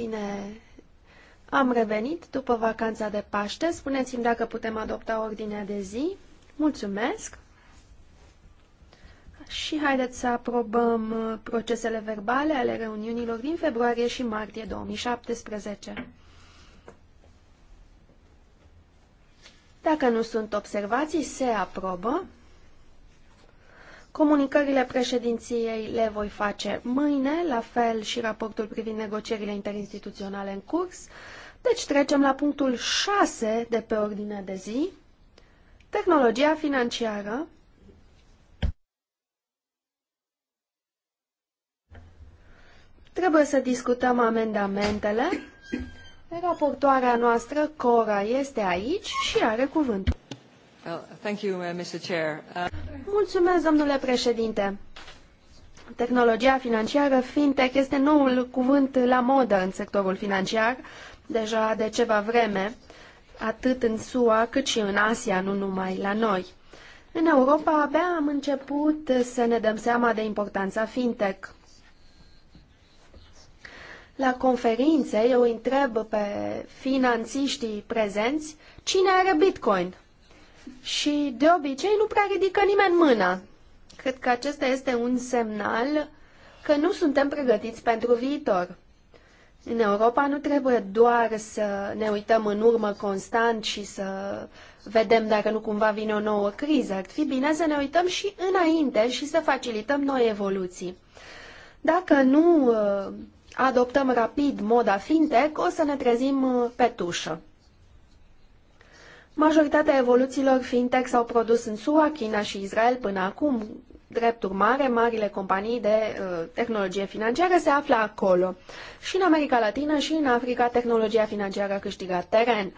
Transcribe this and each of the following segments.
Bine, am revenit după vacanța de Paște. Spuneți-mi dacă putem adopta ordinea de zi. Mulțumesc. Și haideți să aprobăm uh, procesele verbale ale reuniunilor din februarie și martie 2017. Dacă nu sunt observații, se aprobă. Comunicările președinției le voi face mâine, la fel și raportul privind negocierile interinstituționale în curs. Deci trecem la punctul 6 de pe ordinea de zi, tehnologia financiară. Trebuie să discutăm amendamentele. Raportoarea noastră, Cora, este aici și are cuvântul. Uh, uh, Mulțumesc, domnule președinte. Tehnologia financiară, fintech, este noul cuvânt la modă în sectorul financiar, deja de ceva vreme, atât în SUA cât și în Asia, nu numai la noi. În Europa abia am început să ne dăm seama de importanța fintech. La conferințe eu întreb pe finanțiștii prezenți cine are Bitcoin și de obicei nu prea ridică nimeni mâna. Cred că acesta este un semnal că nu suntem pregătiți pentru viitor. În Europa nu trebuie doar să ne uităm în urmă constant și să vedem dacă nu cumva vine o nouă criză. Ar fi bine să ne uităm și înainte și să facilităm noi evoluții. Dacă nu uh, adoptăm rapid moda fintech, o să ne trezim uh, pe tușă. Majoritatea evoluțiilor fintech s-au produs în SUA, China și Israel până acum. Drept urmare, marile companii de uh, tehnologie financiară se află acolo. Și în America Latină și în Africa, tehnologia financiară a câștigat teren.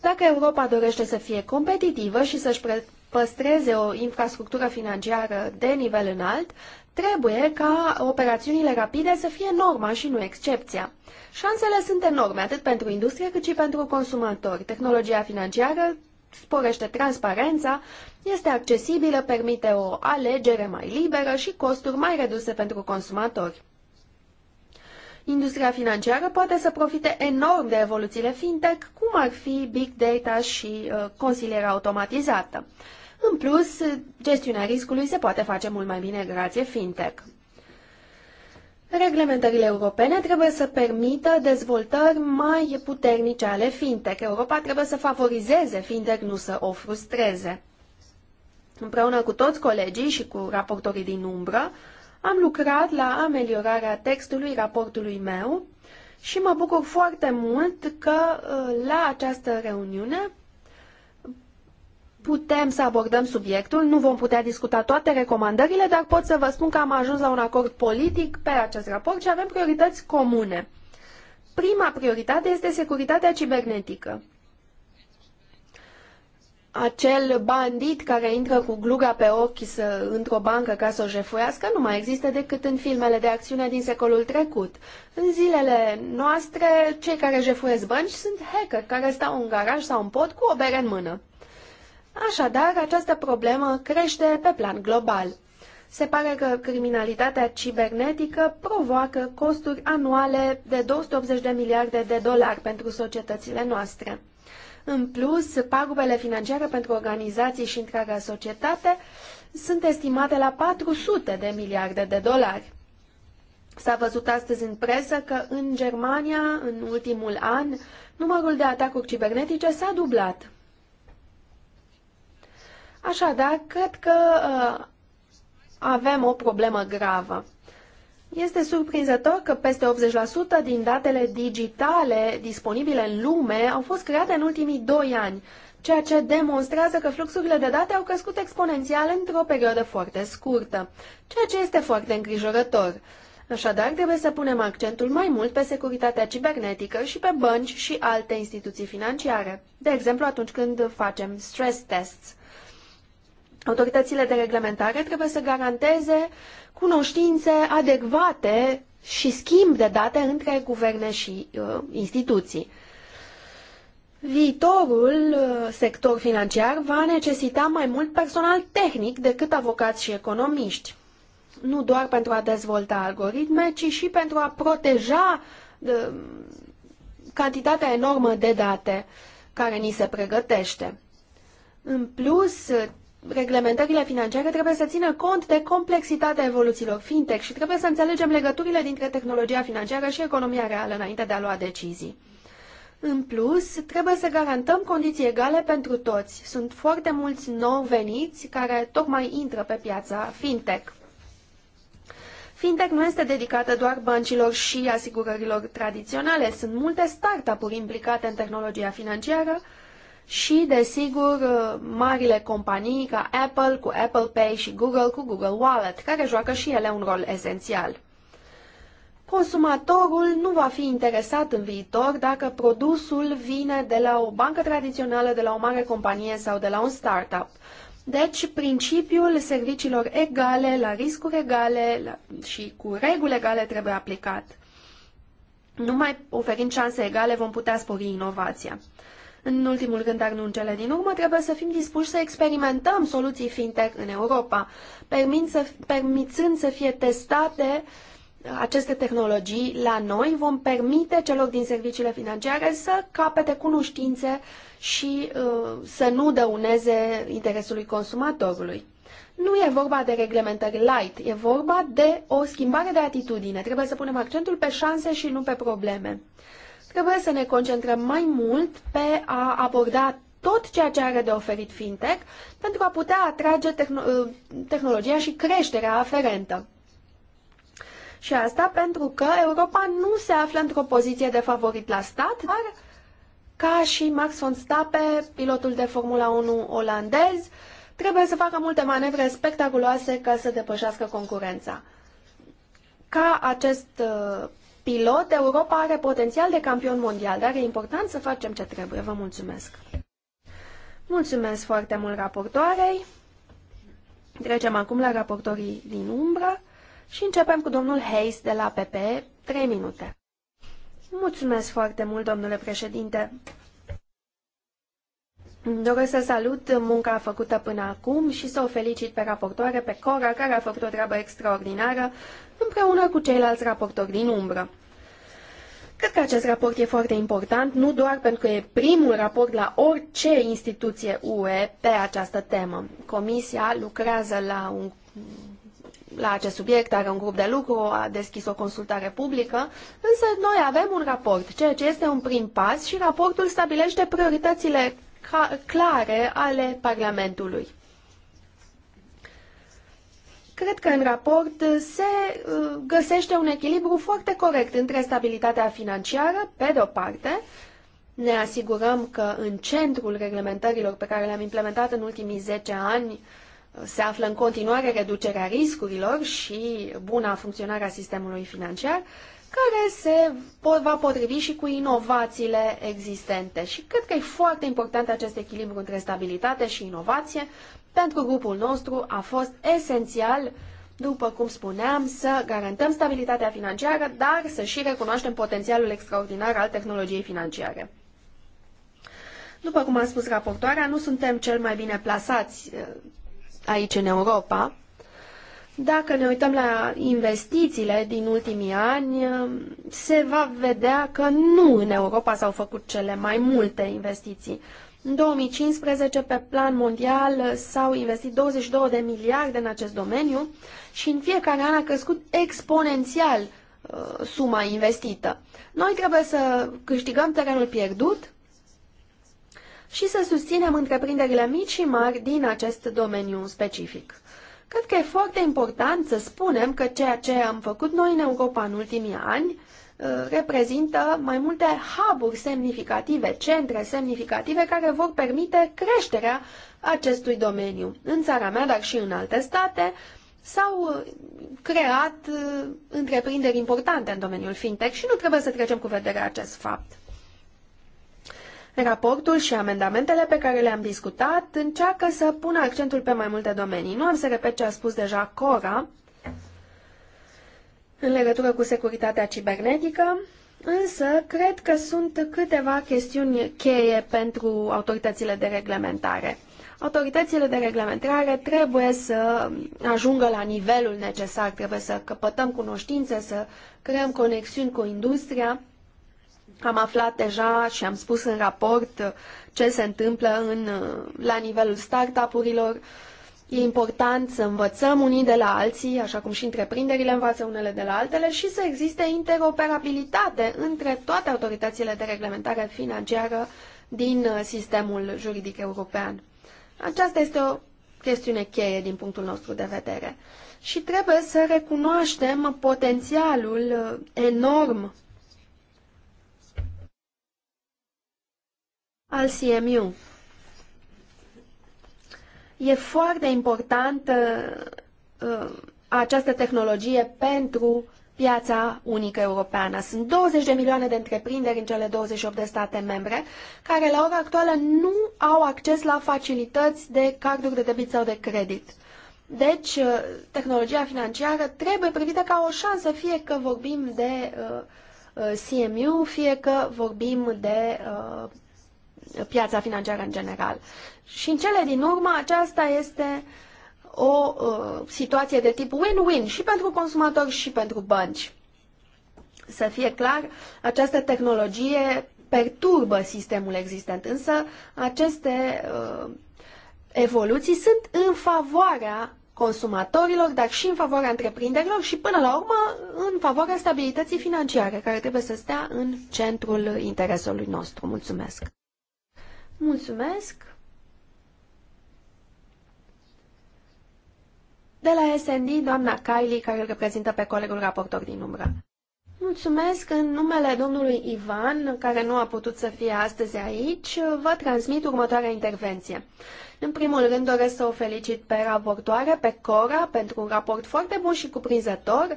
Dacă Europa dorește să fie competitivă și să-și păstreze o infrastructură financiară de nivel înalt, Trebuie ca operațiunile rapide să fie norma și nu excepția. Șansele sunt enorme, atât pentru industrie cât și pentru consumatori. Tehnologia financiară sporește transparența, este accesibilă, permite o alegere mai liberă și costuri mai reduse pentru consumatori. Industria financiară poate să profite enorm de evoluțiile fintech, cum ar fi big data și uh, consilierea automatizată. În plus, gestiunea riscului se poate face mult mai bine grație fintech. Reglementările europene trebuie să permită dezvoltări mai puternice ale fintech. Europa trebuie să favorizeze fintech, nu să o frustreze. Împreună cu toți colegii și cu raportorii din umbră, am lucrat la ameliorarea textului raportului meu și mă bucur foarte mult că uh, la această reuniune putem să abordăm subiectul, nu vom putea discuta toate recomandările, dar pot să vă spun că am ajuns la un acord politic pe acest raport și avem priorități comune. Prima prioritate este securitatea cibernetică. Acel bandit care intră cu gluga pe ochi să, într-o bancă ca să o jefuiască nu mai există decât în filmele de acțiune din secolul trecut. În zilele noastre, cei care jefuiesc bănci sunt hackeri care stau în garaj sau în pod cu o bere în mână. Așadar, această problemă crește pe plan global. Se pare că criminalitatea cibernetică provoacă costuri anuale de 280 de miliarde de dolari pentru societățile noastre. În plus, pagubele financiare pentru organizații și întreaga societate sunt estimate la 400 de miliarde de dolari. S-a văzut astăzi în presă că în Germania, în ultimul an, numărul de atacuri cibernetice s-a dublat. Așadar, cred că uh, avem o problemă gravă. Este surprinzător că peste 80% din datele digitale disponibile în lume au fost create în ultimii 2 ani, ceea ce demonstrează că fluxurile de date au crescut exponențial într-o perioadă foarte scurtă, ceea ce este foarte îngrijorător. Așadar, trebuie să punem accentul mai mult pe securitatea cibernetică și pe bănci și alte instituții financiare, de exemplu atunci când facem stress tests autoritățile de reglementare trebuie să garanteze cunoștințe adecvate și schimb de date între guverne și uh, instituții. Viitorul uh, sector financiar va necesita mai mult personal tehnic decât avocați și economiști, nu doar pentru a dezvolta algoritme, ci și pentru a proteja uh, cantitatea enormă de date care ni se pregătește. În plus, reglementările financiare trebuie să țină cont de complexitatea evoluțiilor fintech și trebuie să înțelegem legăturile dintre tehnologia financiară și economia reală înainte de a lua decizii. În plus, trebuie să garantăm condiții egale pentru toți. Sunt foarte mulți nou veniți care tocmai intră pe piața fintech. Fintech nu este dedicată doar băncilor și asigurărilor tradiționale. Sunt multe startup-uri implicate în tehnologia financiară și, desigur, marile companii ca Apple cu Apple Pay și Google cu Google Wallet, care joacă și ele un rol esențial. Consumatorul nu va fi interesat în viitor dacă produsul vine de la o bancă tradițională, de la o mare companie sau de la un startup. Deci, principiul serviciilor egale, la riscuri egale și cu reguli egale trebuie aplicat. Numai oferind șanse egale vom putea spori inovația. În ultimul rând, dar nu în cele din urmă, trebuie să fim dispuși să experimentăm soluții fintech în Europa, permit să, permițând să fie testate aceste tehnologii la noi, vom permite celor din serviciile financiare să capete cunoștințe și uh, să nu dăuneze interesului consumatorului. Nu e vorba de reglementări light, e vorba de o schimbare de atitudine. Trebuie să punem accentul pe șanse și nu pe probleme. Trebuie să ne concentrăm mai mult pe a aborda tot ceea ce are de oferit fintech pentru a putea atrage tehn- uh, tehnologia și creșterea aferentă. Și asta pentru că Europa nu se află într-o poziție de favorit la stat, dar ca și Max von Stape, pilotul de Formula 1 olandez, trebuie să facă multe manevre spectaculoase ca să depășească concurența. Ca acest uh, pilot, Europa are potențial de campion mondial, dar e important să facem ce trebuie. Vă mulțumesc! Mulțumesc foarte mult raportoarei. Trecem acum la raportorii din umbră și începem cu domnul Hayes de la PP, 3 minute. Mulțumesc foarte mult, domnule președinte. Doresc să salut munca făcută până acum și să o felicit pe raportoare, pe Cora, care a făcut o treabă extraordinară împreună cu ceilalți raportori din umbră. Cred că acest raport e foarte important, nu doar pentru că e primul raport la orice instituție UE pe această temă. Comisia lucrează la, un, la acest subiect, are un grup de lucru, a deschis o consultare publică, însă noi avem un raport, ceea ce este un prim pas și raportul stabilește prioritățile clare ale Parlamentului. Cred că în raport se uh, găsește un echilibru foarte corect între stabilitatea financiară, pe de-o parte, ne asigurăm că în centrul reglementărilor pe care le-am implementat în ultimii 10 ani uh, se află în continuare reducerea riscurilor și buna funcționare a sistemului financiar care se va potrivi și cu inovațiile existente. Și cred că e foarte important acest echilibru între stabilitate și inovație. Pentru grupul nostru a fost esențial, după cum spuneam, să garantăm stabilitatea financiară, dar să și recunoaștem potențialul extraordinar al tehnologiei financiare. După cum a spus raportoarea, nu suntem cel mai bine plasați eh, aici în Europa, dacă ne uităm la investițiile din ultimii ani, se va vedea că nu în Europa s-au făcut cele mai multe investiții. În 2015, pe plan mondial, s-au investit 22 de miliarde în acest domeniu și în fiecare an a crescut exponențial uh, suma investită. Noi trebuie să câștigăm terenul pierdut și să susținem întreprinderile mici și mari din acest domeniu specific. Cred că e foarte important să spunem că ceea ce am făcut noi în Europa în ultimii ani uh, reprezintă mai multe hub semnificative, centre semnificative care vor permite creșterea acestui domeniu. În țara mea, dar și în alte state, s-au uh, creat uh, întreprinderi importante în domeniul fintech și nu trebuie să trecem cu vederea acest fapt. Raportul și amendamentele pe care le-am discutat încearcă să pună accentul pe mai multe domenii. Nu am să repet ce a spus deja Cora în legătură cu securitatea cibernetică, însă cred că sunt câteva chestiuni cheie pentru autoritățile de reglementare. Autoritățile de reglementare trebuie să ajungă la nivelul necesar, trebuie să căpătăm cunoștințe, să creăm conexiuni cu industria, am aflat deja și am spus în raport ce se întâmplă în, la nivelul startup-urilor. E important să învățăm unii de la alții, așa cum și întreprinderile învață unele de la altele, și să existe interoperabilitate între toate autoritățile de reglementare financiară din uh, sistemul juridic european. Aceasta este o chestiune cheie din punctul nostru de vedere. Și trebuie să recunoaștem potențialul uh, enorm al CMU. E foarte importantă uh, această tehnologie pentru piața unică europeană. Sunt 20 de milioane de întreprinderi în cele 28 de state membre care la ora actuală nu au acces la facilități de carduri de debit sau de credit. Deci, uh, tehnologia financiară trebuie privită ca o șansă, fie că vorbim de uh, uh CMU, fie că vorbim de uh, piața financiară în general. Și în cele din urmă, aceasta este o uh, situație de tip win-win și pentru consumatori și pentru bănci. Să fie clar, această tehnologie perturbă sistemul existent, însă aceste uh, evoluții sunt în favoarea consumatorilor, dar și în favoarea întreprinderilor și, până la urmă, în favoarea stabilității financiare, care trebuie să stea în centrul interesului nostru. Mulțumesc! Mulțumesc! De la SND, doamna Kylie, care îl reprezintă pe colegul raportor din umbră. Mulțumesc în numele domnului Ivan, care nu a putut să fie astăzi aici, vă transmit următoarea intervenție. În primul rând doresc să o felicit pe raportoare, pe Cora, pentru un raport foarte bun și cuprinzător.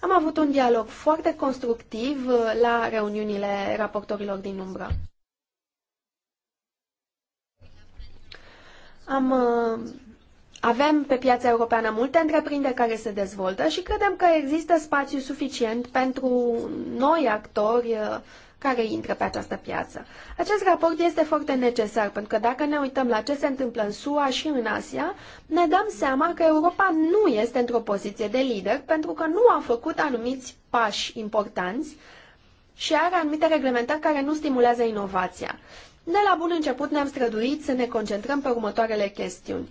Am avut un dialog foarte constructiv uh, la reuniunile raportorilor din umbră. Am, uh, avem pe piața europeană multe întreprinderi care se dezvoltă și credem că există spațiu suficient pentru noi actori uh, care intră pe această piață. Acest raport este foarte necesar, pentru că dacă ne uităm la ce se întâmplă în SUA și în Asia, ne dăm seama că Europa nu este într-o poziție de lider, pentru că nu a făcut anumiți pași importanți și are anumite reglementări care nu stimulează inovația. De la bun început ne-am străduit să ne concentrăm pe următoarele chestiuni.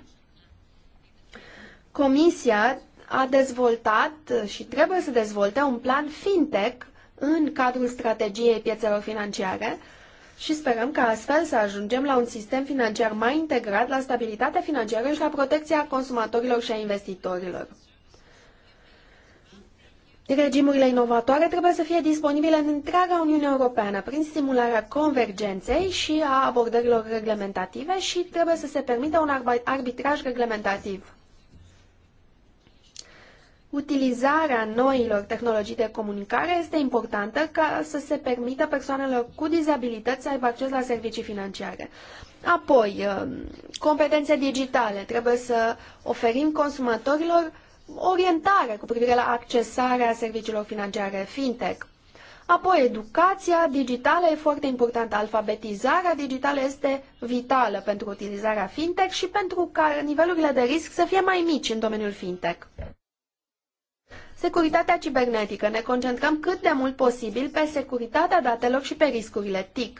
Comisia a dezvoltat și trebuie să dezvolte un plan fintech în cadrul strategiei piețelor financiare și sperăm că astfel să ajungem la un sistem financiar mai integrat la stabilitatea financiară și la protecția consumatorilor și a investitorilor. Regimurile inovatoare trebuie să fie disponibile în întreaga Uniune Europeană prin stimularea convergenței și a abordărilor reglementative și trebuie să se permită un arbitraj reglementativ. Utilizarea noilor tehnologii de comunicare este importantă ca să se permită persoanelor cu dizabilități să aibă acces la servicii financiare. Apoi, eh, competențe digitale. Trebuie să oferim consumatorilor orientare cu privire la accesarea serviciilor financiare fintech. Apoi, educația digitală e foarte importantă. Alfabetizarea digitală este vitală pentru utilizarea fintech și pentru ca nivelurile de risc să fie mai mici în domeniul fintech. Securitatea cibernetică. Ne concentrăm cât de mult posibil pe securitatea datelor și pe riscurile TIC.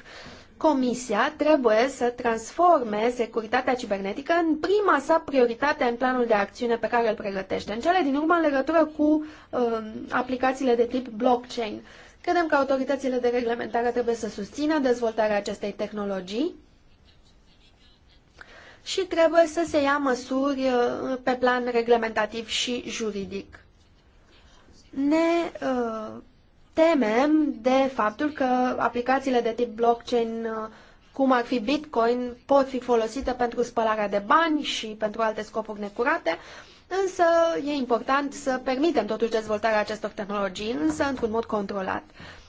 Comisia trebuie să transforme securitatea cibernetică în prima sa prioritate în planul de acțiune pe care îl pregătește. În cele din urmă, în legătură cu uh, aplicațiile de tip blockchain, credem că autoritățile de reglementare trebuie să susțină dezvoltarea acestei tehnologii și trebuie să se ia măsuri uh, pe plan reglementativ și juridic. Ne uh, temem de faptul că aplicațiile de tip blockchain, uh, cum ar fi Bitcoin, pot fi folosite pentru spălarea de bani și pentru alte scopuri necurate, însă e important să permitem totuși dezvoltarea acestor tehnologii, însă într-un mod controlat.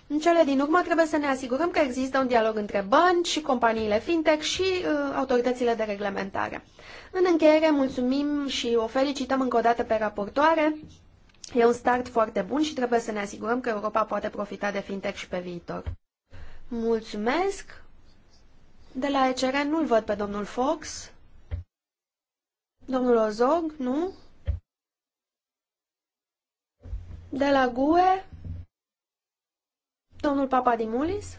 În cele din urmă trebuie să ne asigurăm că există un dialog între bani și companiile fintech și uh, autoritățile de reglementare. În încheiere, mulțumim și o felicităm încă o dată pe raportoare E un start foarte bun și trebuie să ne asigurăm că Europa poate profita de fintech și pe viitor. Mulțumesc! De la ECR nu-l văd pe domnul Fox. Domnul Ozog, nu? De la GUE? Domnul Papa Dimulis?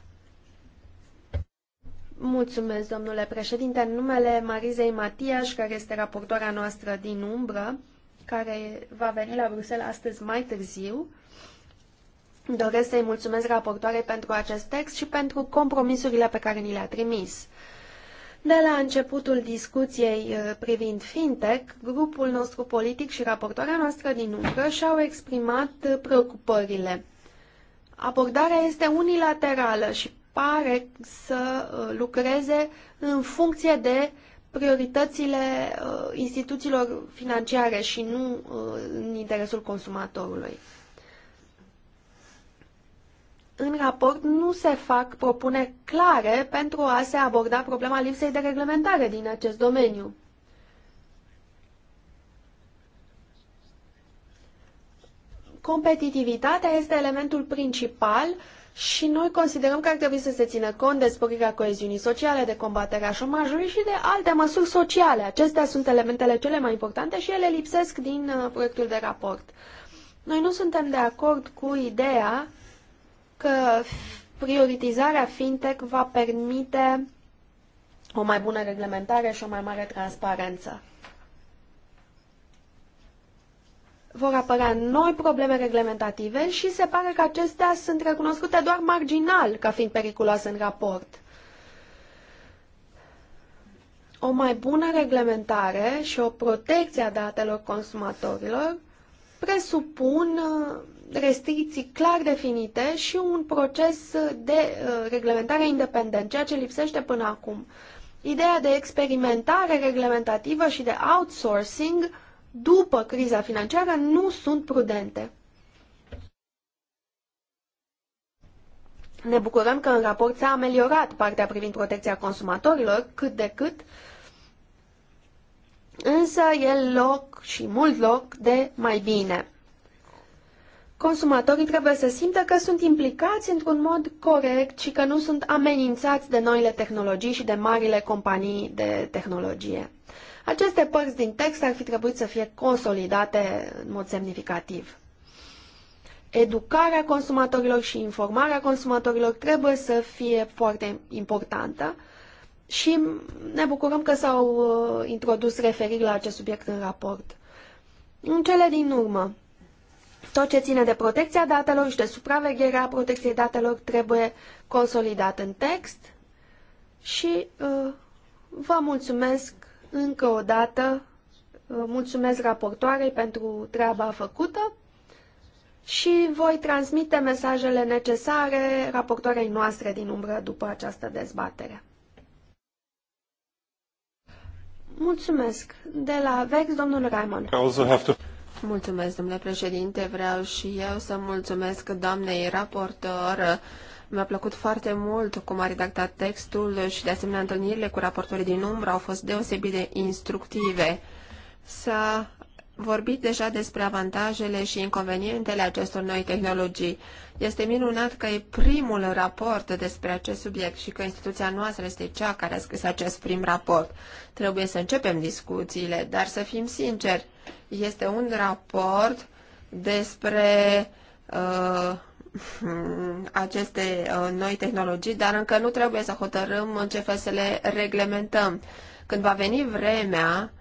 Mulțumesc, domnule președinte. În numele Marizei Matiaș, care este raportoarea noastră din umbră, care va veni la Bruxelles astăzi mai târziu. Doresc să-i mulțumesc raportoarei pentru acest text și pentru compromisurile pe care ni le-a trimis. De la începutul discuției uh, privind fintech, grupul nostru politic și raportoarea noastră din umbră și-au exprimat preocupările. Abordarea este unilaterală și pare să uh, lucreze în funcție de prioritățile uh, instituțiilor financiare și nu uh, în interesul consumatorului. În raport nu se fac propuneri clare pentru a se aborda problema lipsei de reglementare din acest domeniu. Competitivitatea este elementul principal uh, și noi considerăm că ar trebui să se țină cont de sporirea coeziunii sociale, de combaterea șomajului și de alte măsuri sociale. Acestea sunt elementele cele mai importante și ele lipsesc din uh, proiectul de raport. Noi nu suntem de acord cu ideea că prioritizarea fintech va permite o mai bună reglementare și o mai mare transparență. vor apărea noi probleme reglementative și se pare că acestea sunt recunoscute doar marginal ca fiind periculoase în raport. O mai bună reglementare și o protecție a datelor consumatorilor presupun uh, restricții clar definite și un proces de uh, reglementare independent, ceea ce lipsește până acum. Ideea de experimentare reglementativă și de outsourcing după criza financiară nu sunt prudente. Ne bucurăm că în raport s-a ameliorat partea privind protecția consumatorilor cât de cât, însă e loc și mult loc de mai bine. Consumatorii trebuie să simtă că sunt implicați într-un mod corect și că nu sunt amenințați de noile tehnologii și de marile companii de tehnologie. Aceste părți din text ar fi trebuit să fie consolidate în mod semnificativ. Educarea consumatorilor și informarea consumatorilor trebuie să fie foarte importantă și ne bucurăm că s-au uh, introdus referiri la acest subiect în raport. În cele din urmă, tot ce ține de protecția datelor și de supravegherea protecției datelor trebuie consolidat în text și uh, vă mulțumesc încă o dată, uh, mulțumesc raportoarei pentru treaba făcută și voi transmite mesajele necesare raportoarei noastre din umbră după această dezbatere. Mulțumesc. De la VEX, domnul Raymond. Mulțumesc, domnule președinte. Vreau și eu să mulțumesc doamnei raportor mi-a plăcut foarte mult cum a redactat textul și, de asemenea, întâlnirile cu raportorii din umbră au fost deosebit de instructive. S-a vorbit deja despre avantajele și inconvenientele acestor noi tehnologii. Este minunat că e primul raport despre acest subiect și că instituția noastră este cea care a scris acest prim raport. Trebuie să începem discuțiile, dar să fim sinceri, este un raport despre uh, Mm, aceste uh, noi tehnologii, dar încă nu trebuie să hotărâm în ce fel să le reglementăm. Când va veni vremea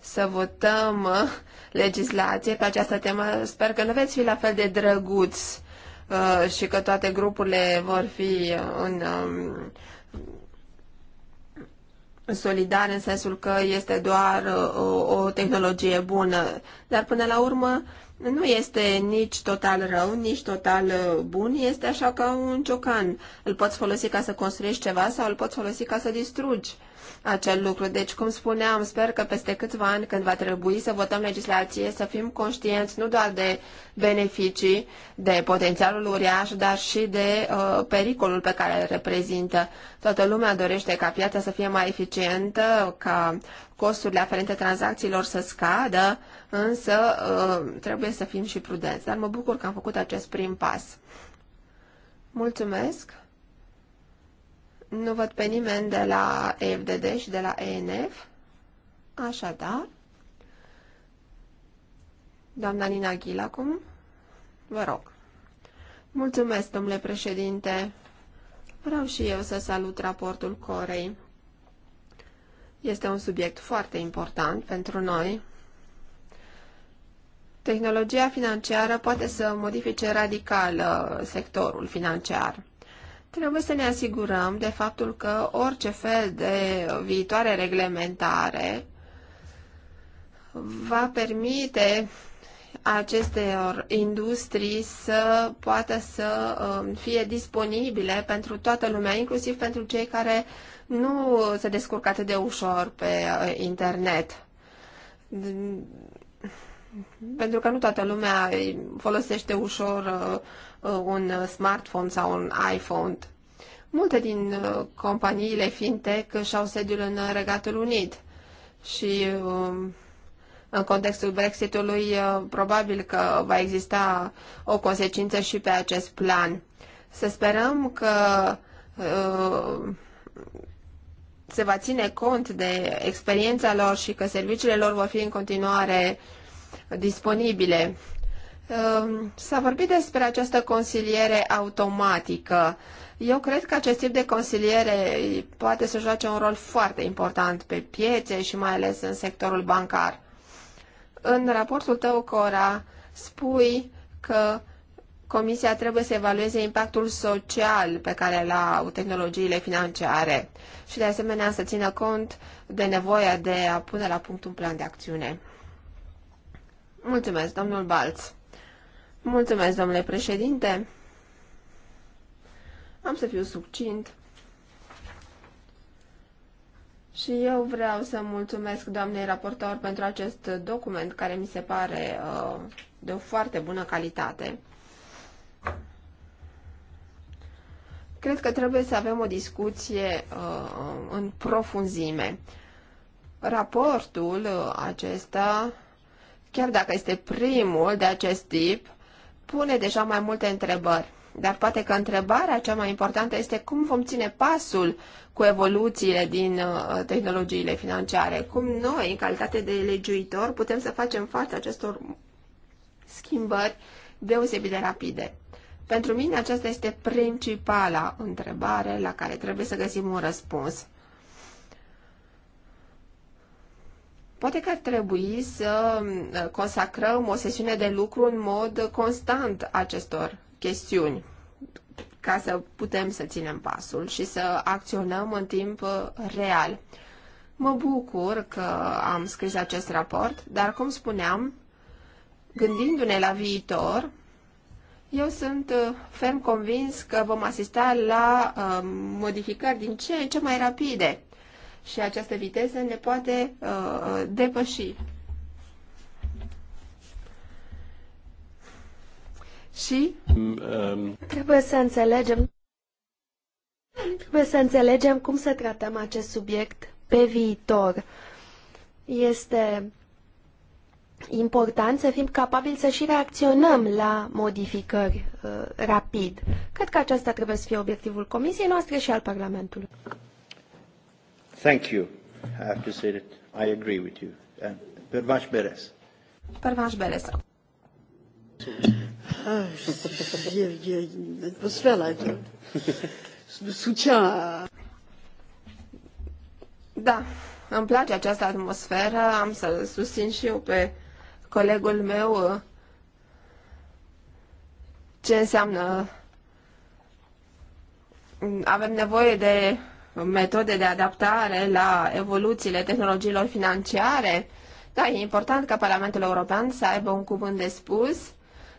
să votăm uh, legislație pe această temă, sper că nu veți fi la fel de drăguți uh, și că toate grupurile vor fi în um, solidar în sensul că este doar o, o tehnologie bună, dar până la urmă nu este nici total rău, nici total uh, bun, este așa ca un ciocan. Îl poți folosi ca să construiești ceva sau îl poți folosi ca să distrugi acel lucru. Deci, cum spuneam, sper că peste câțiva ani, când va trebui să votăm legislație, să fim conștienți nu doar de beneficii, de potențialul uriaș, dar și de uh, pericolul pe care îl reprezintă. Toată lumea dorește ca piața să fie mai eficientă, ca costurile aferente tranzacțiilor să scadă, însă uh, trebuie să fim și prudenți. Dar mă bucur că am făcut acest prim pas. Mulțumesc! Nu văd pe nimeni de la EFDD și de la ENF. Așadar, doamna Nina Ghil acum, vă rog. Mulțumesc, domnule președinte. Vreau și eu să salut raportul Corei. Este un subiect foarte important pentru noi. Tehnologia financiară poate să modifice radical uh, sectorul financiar. Trebuie să ne asigurăm de faptul că orice fel de viitoare reglementare va permite acestor industrii să poată să um, fie disponibile pentru toată lumea, inclusiv pentru cei care nu se descurcă atât de ușor pe uh, internet pentru că nu toată lumea folosește ușor uh, un smartphone sau un iPhone. Multe din uh, companiile fintech și-au sediul în Regatul Unit și um, în contextul Brexitului uh, probabil că va exista o consecință și pe acest plan. Să sperăm că se va ține cont de experiența lor și că serviciile lor vor fi în continuare uh, disponibile. Ehm, s-a vorbit despre această consiliere automatică. Eu cred că acest tip de consiliere poate să joace un rol foarte important pe piețe și mai ales în sectorul bancar. În raportul tău, Cora, spui că Comisia trebuie să evalueze impactul social pe care îl au tehnologiile financiare și, de asemenea, să țină cont de nevoia de a pune la punct un plan de acțiune. Mulțumesc, domnul Balț. Mulțumesc, domnule președinte. Am să fiu succint. Și eu vreau să mulțumesc doamnei raportor pentru acest document care mi se pare uh, de o foarte bună calitate. Cred că trebuie să avem o discuție uh, în profunzime. Raportul uh, acesta chiar dacă este primul de acest tip, pune deja mai multe întrebări. Dar poate că întrebarea cea mai importantă este cum vom ține pasul cu evoluțiile din uh, tehnologiile financiare, cum noi, în calitate de legiuitor, putem să facem față acestor schimbări deosebit de rapide. Pentru mine aceasta este principala întrebare la care trebuie să găsim un răspuns. Poate că ar trebui să uh, consacrăm o sesiune de lucru în mod constant acestor chestiuni ca să putem să ținem pasul și să acționăm în timp uh, real. Mă bucur că am scris acest raport, dar cum spuneam, gândindu-ne la viitor, eu sunt uh, ferm convins că vom asista la uh, modificări din ce în ce mai rapide și această viteză ne poate uh, uh depăși. Și um, um. trebuie să înțelegem trebuie să înțelegem cum să tratăm acest subiect pe viitor. Este important să fim capabili să și reacționăm la modificări uh, rapid. Cred că aceasta trebuie să fie obiectivul Comisiei noastre și al Parlamentului. Thank you. I have to say that I agree with you. And Pervaș Beres. Pervaș Beres. Ah, il y a une atmosphère là de, de soutien Da, îmi place această atmosferă, am să susțin și eu pe colegul meu ce înseamnă avem nevoie de metode de adaptare la evoluțiile tehnologiilor financiare. Da, e important ca Parlamentul European să aibă un cuvânt de spus,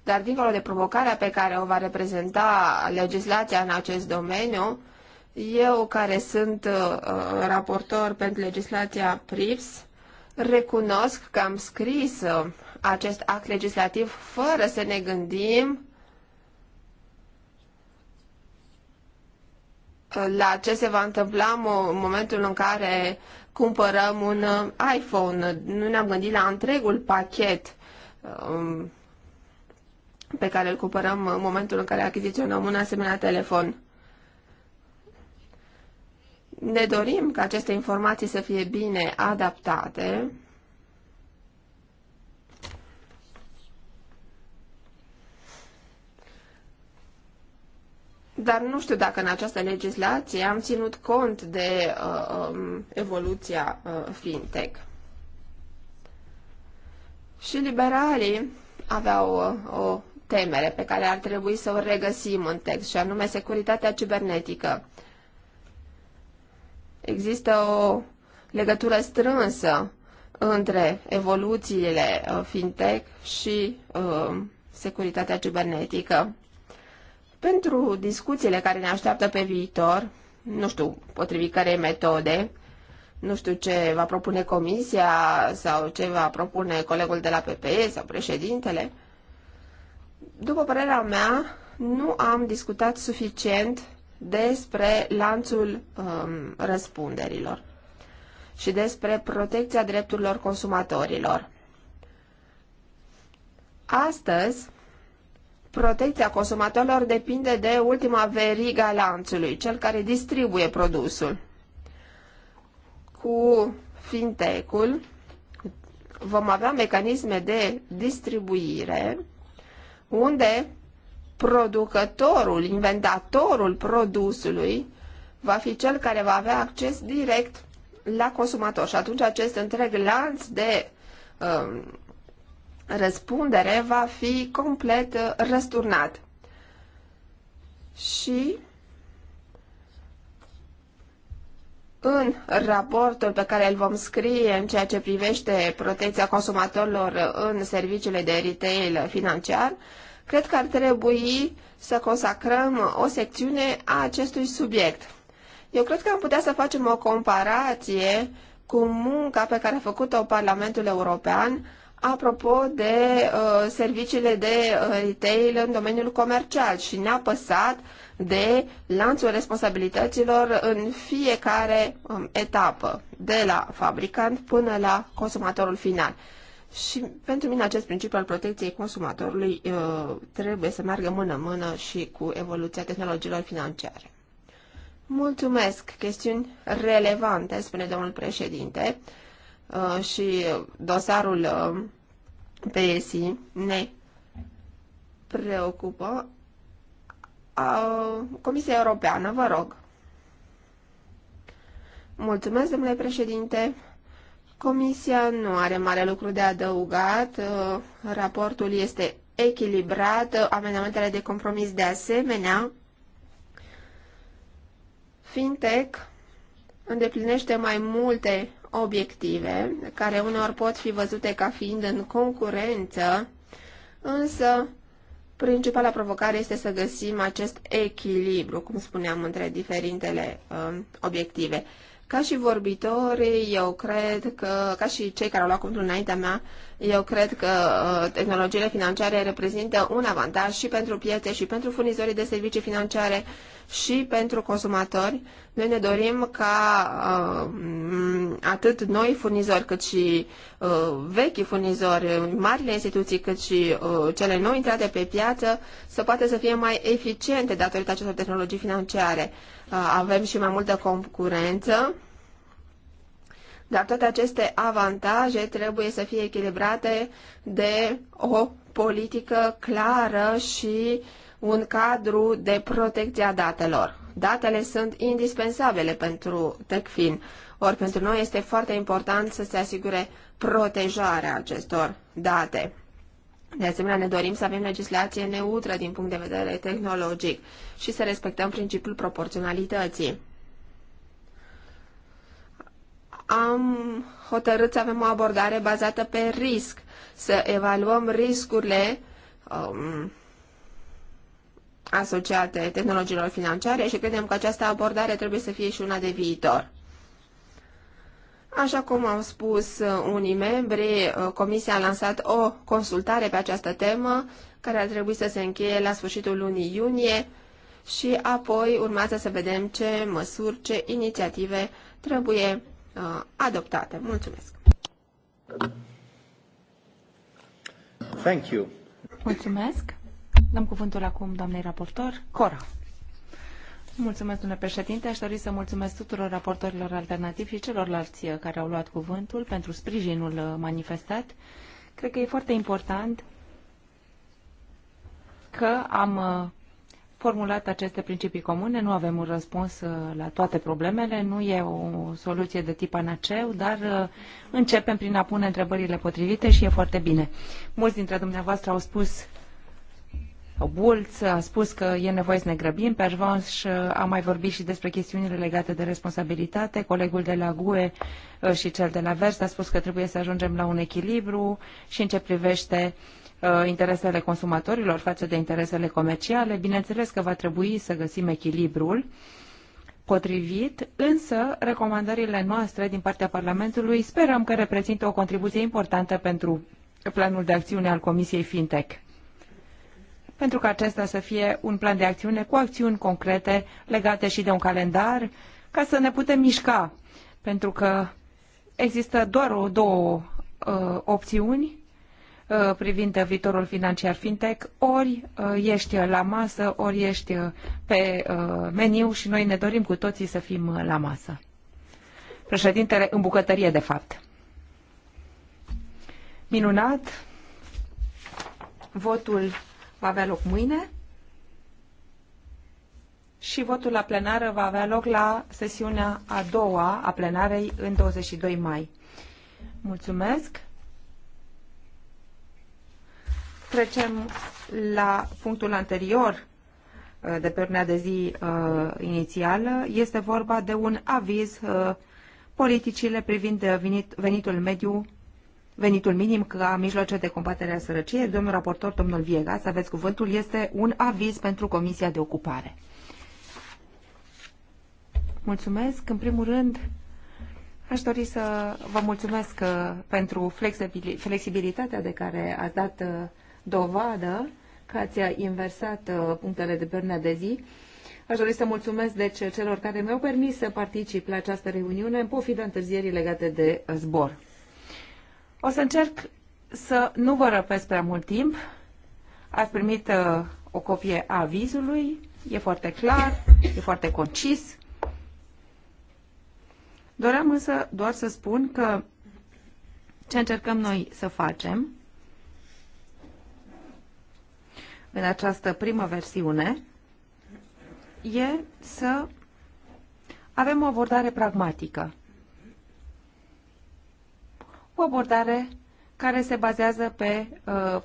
dar dincolo de provocarea pe care o va reprezenta legislația în acest domeniu, eu care sunt uh, raportor pentru legislația PRIPS, recunosc că am scris uh, acest act legislativ fără să ne gândim la ce se va întâmpla în momentul în care cumpărăm un uh, iPhone. Nu ne-am gândit la întregul pachet um, pe care îl cumpărăm în momentul în care achiziționăm un asemenea telefon. Ne dorim ca aceste informații să fie bine adaptate dar nu știu dacă în această legislație am ținut cont de uh, um, evoluția uh, fintech. Și liberalii aveau o, uh, o temere pe care ar trebui să o regăsim în text, și anume securitatea cibernetică. Există o legătură strânsă între evoluțiile uh, fintech și uh, securitatea cibernetică. Pentru discuțiile care ne așteaptă pe viitor, nu știu potrivit care metode, nu știu ce va propune comisia sau ce va propune colegul de la PPE sau președintele, după părerea mea, nu am discutat suficient despre lanțul um, răspunderilor și despre protecția drepturilor consumatorilor. Astăzi, Protecția consumatorilor depinde de ultima veriga lanțului, cel care distribuie produsul. Cu fintech-ul vom avea mecanisme de distribuire unde producătorul, inventatorul produsului va fi cel care va avea acces direct la consumator și atunci acest întreg lanț de uh, răspundere va fi complet uh, răsturnat. Și în raportul pe care îl vom scrie în ceea ce privește protecția consumatorilor în serviciile de retail financiar, cred că ar trebui să consacrăm o secțiune a acestui subiect. Eu cred că am putea să facem o comparație cu munca pe care a făcut-o Parlamentul European apropo de uh, serviciile de uh, retail în domeniul comercial și ne-a păsat de lanțul responsabilităților în fiecare um, etapă, de la fabricant până la consumatorul final. Și pentru mine acest principiu al protecției consumatorului uh, trebuie să meargă mână-mână și cu evoluția tehnologiilor financiare. Mulțumesc, chestiuni relevante, spune domnul președinte. Uh, și dosarul uh, PSI ne preocupă. Uh, Comisia Europeană, vă rog. Mulțumesc, domnule președinte. Comisia nu are mare lucru de adăugat. Raportul este echilibrat, amendamentele de compromis de asemenea. Fintech îndeplinește mai multe obiective, care uneori pot fi văzute ca fiind în concurență, însă principala provocare este să găsim acest echilibru, cum spuneam, între diferitele uh, obiective. Ca și vorbitorii, eu cred că, ca și cei care au luat cuvântul înaintea mea, eu cred că uh, tehnologiile financiare reprezintă un avantaj și pentru piețe, și pentru furnizorii de servicii financiare, și pentru consumatori. Noi ne dorim ca uh, atât noi furnizori, cât și uh, vechi furnizori, marile instituții, cât și cele noi intrate pe piață, să poată să fie mai eficiente datorită acestor tehnologii financiare. Uh, avem și mai multă concurență, dar toate aceste avantaje trebuie să fie echilibrate de o politică clară și un cadru de protecție a datelor. Datele sunt indispensabile pentru TechFin, ori pentru noi este foarte important să se asigure protejarea acestor date. De asemenea, ne dorim să avem legislație neutră din punct de vedere tehnologic și să respectăm principiul proporționalității. Am hotărât să avem o abordare bazată pe risc, să evaluăm riscurile um, asociate tehnologiilor financiare și credem că această abordare trebuie să fie și una de viitor. Așa cum au spus uh, unii membri, uh, Comisia a lansat o consultare pe această temă, care ar trebui să se încheie la sfârșitul lunii iunie și apoi urmează să vedem ce măsuri, ce inițiative trebuie uh, adoptate. Mulțumesc! Thank you. Mulțumesc! Dăm cuvântul acum doamnei raportor, Cora. Mulțumesc, domnule președinte. Aș dori să mulțumesc tuturor raportorilor alternativi și celorlalți uh, care au luat cuvântul pentru sprijinul uh, manifestat. Cred că e foarte important că am uh, formulat aceste principii comune, nu avem un răspuns la toate problemele, nu e o soluție de tip anaceu, dar începem prin a pune întrebările potrivite și e foarte bine. Mulți dintre dumneavoastră au spus Bulț a spus că e nevoie să ne grăbim, pe Arvanș a mai vorbit și despre chestiunile legate de responsabilitate, colegul de la GUE uh, și cel de la Vers a spus că trebuie să ajungem la un echilibru și în ce privește uh, interesele consumatorilor față de interesele comerciale. Bineînțeles că va trebui să găsim echilibrul potrivit, însă recomandările noastre din partea Parlamentului sperăm că reprezintă o contribuție importantă pentru planul de acțiune al Comisiei FinTech pentru ca acesta să fie un plan de acțiune cu acțiuni concrete legate și de un calendar, ca să ne putem mișca, pentru că există doar o, două uh, opțiuni uh, privind viitorul financiar fintech, ori uh, ești la masă, ori ești uh, pe meniu și noi ne dorim cu toții să fim la masă. Președintele în bucătărie, de fapt. Minunat. Votul va avea loc mâine și votul la plenară va avea loc la sesiunea a doua a plenarei în 22 mai. Mulțumesc! Trecem la punctul anterior uh, de pe urmea de zi uh, inițială. Este vorba de un aviz uh, politicile privind uh, venit, venitul mediu venitul minim ca mijloace de combatere a sărăciei. Domnul raportor, domnul Viega, să aveți cuvântul, este un aviz pentru Comisia de Ocupare. Mulțumesc. În primul rând, Aș dori să vă mulțumesc uh, pentru flexibilitatea de care ați dat uh, dovadă, că ați inversat uh, punctele de pernă de zi. Aș dori să mulțumesc deci celor care mi-au permis să particip la această reuniune în pofida întârzierii legate de zbor. O să încerc să nu vă răpesc prea mult timp. Ați primit uh, o copie a avizului, e foarte clar, e foarte concis. Doream însă doar să spun că ce încercăm noi să facem în această primă versiune e să avem o abordare pragmatică o abordare care se bazează pe uh,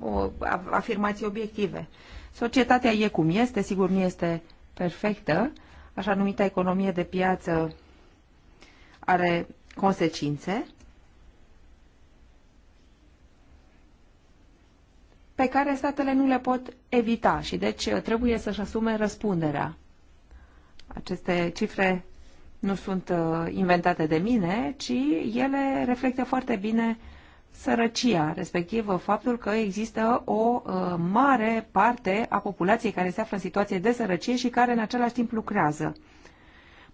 o afirmații obiective. Societatea e cum este, sigur nu este perfectă, așa numită economie de piață are consecințe pe care statele nu le pot evita și deci trebuie să-și asume răspunderea. Aceste cifre nu sunt uh, inventate de mine, ci ele reflectă foarte bine sărăcia, respectiv uh, faptul că există o uh, mare parte a populației care se află în situație de sărăcie și care în același timp lucrează.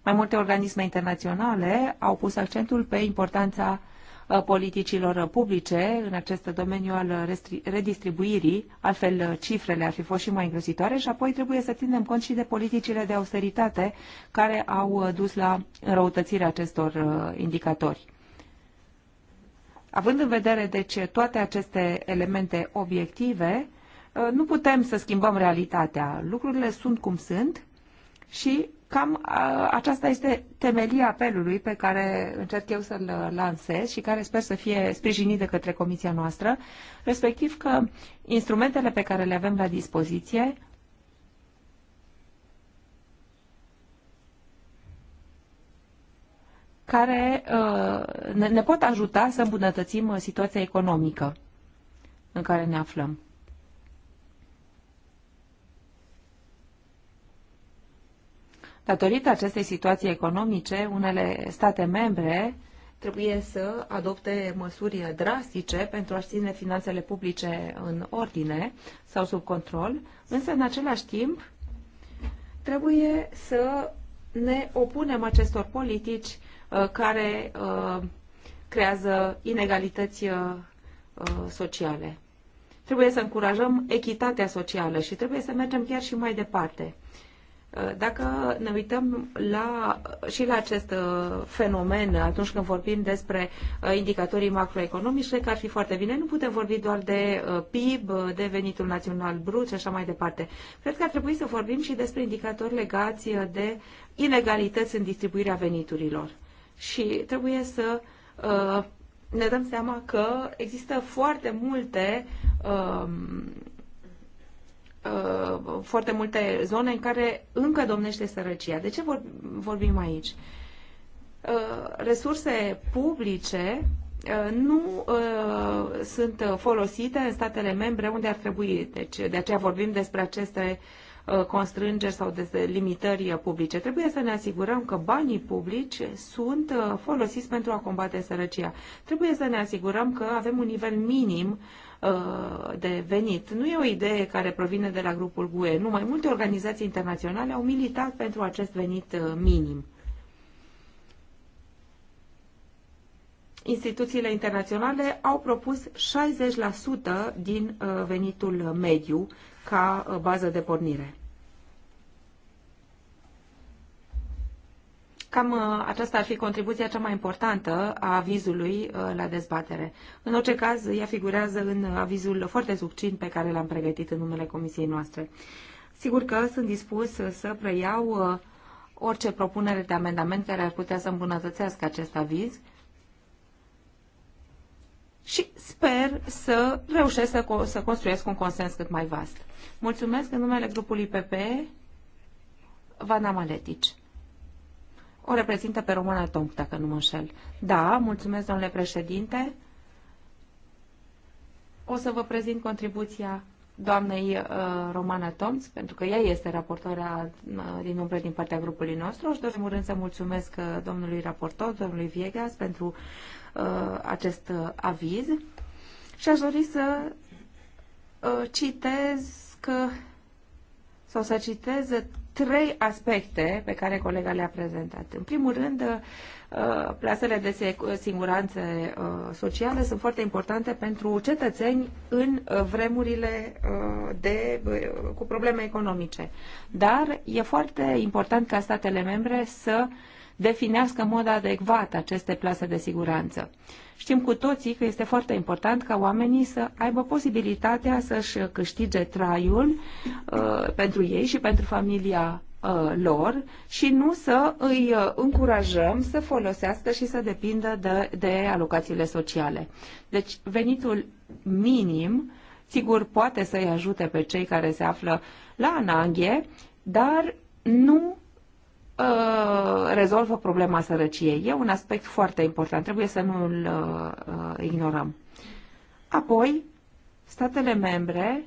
Mai multe organisme internaționale au pus accentul pe importanța Uh, politicilor publice în acest domeniu al redistribuirii, altfel uh, cifrele ar fi fost și mai îngrozitoare și apoi trebuie să ținem cont și de politicile de austeritate care au uh, dus la înrăutățirea acestor indicatori. Având în vedere deci toate aceste elemente obiective, nu putem să schimbăm realitatea. Lucrurile sunt cum sunt și Cam a, aceasta este temelia apelului pe care încerc eu să-l lansez și care sper să fie sprijinit de către comisia noastră, respectiv că instrumentele pe care le avem la dispoziție care ne pot ajuta să îmbunătățim situația economică în care ne aflăm. Datorită acestei situații economice, unele state membre trebuie să adopte măsuri drastice pentru a-și ține finanțele publice în ordine sau sub control, însă în același timp trebuie să ne opunem acestor politici uh, care uh, creează inegalități uh, sociale. Trebuie să încurajăm echitatea socială și trebuie să mergem chiar și mai departe. Uh, dacă ne uităm la, și la acest uh, fenomen atunci când vorbim despre uh, indicatorii macroeconomici, cred că ar fi foarte bine. Nu putem vorbi doar de PIB, de venitul național brut și așa mai departe. Cred că ar trebui să vorbim și despre indicatori legați de inegalități în distribuirea veniturilor. Și trebuie să ne dăm seama că există foarte multe um, Uh, foarte multe zone în care încă domnește sărăcia. De ce vorbim aici? Uh, resurse publice uh, nu sunt folosite în statele membre unde ar trebui. Deci, de aceea vorbim despre aceste constrângeri sau despre limitări publice. Trebuie să ne asigurăm că banii publici sunt folosiți pentru a combate sărăcia. Trebuie să ne asigurăm că avem un nivel minim Uh, de venit. Nu e o idee care provine de la grupul GUE. Nu, mai multe organizații internaționale au militat pentru acest venit uh, minim. Instituțiile internaționale au propus 60% din uh, venitul mediu ca bază de pornire. Cam uh, aceasta ar fi contribuția cea mai importantă a avizului uh, la dezbatere. În orice caz, ea figurează în uh, avizul foarte succint pe care l-am pregătit în numele comisiei noastre. Sigur că sunt dispus să preiau orice propunere de amendament care ar putea să îmbunătățească acest aviz și sper să reușesc să, să construiesc un consens cât mai vast. Mulțumesc în numele grupului PP, Vana Maletici o reprezintă pe Romana Tomc, dacă nu mă înșel. Da, mulțumesc, domnule președinte. O să vă prezint contribuția doamnei uh, Romana Tomț, pentru că ea este raportoarea uh, din umbră din partea grupului nostru. Și doresc, rând, să mulțumesc uh, domnului raportor, domnului Viegas, pentru uh, acest uh, aviz. Și aș dori să uh, citez că, sau să citez trei aspecte pe care colega le-a prezentat. În primul rând, uh, plasele de siguranță uh, socială sunt foarte importante pentru cetățeni în uh, vremurile de, cu probleme economice. Dar e foarte important ca statele membre să uh, definească în mod adecvat aceste plase de siguranță. Știm cu toții că este foarte important ca oamenii să aibă posibilitatea să-și câștige traiul uh, pentru ei și pentru familia uh, lor și nu să îi uh, încurajăm să folosească și să depindă de, de alocațiile sociale. Deci venitul minim, sigur, poate să-i ajute pe cei care se află la ananghe, dar nu uh, rezolvă problema sărăciei. E un aspect foarte important, trebuie să nu-l uh, uh ignorăm. Apoi, statele membre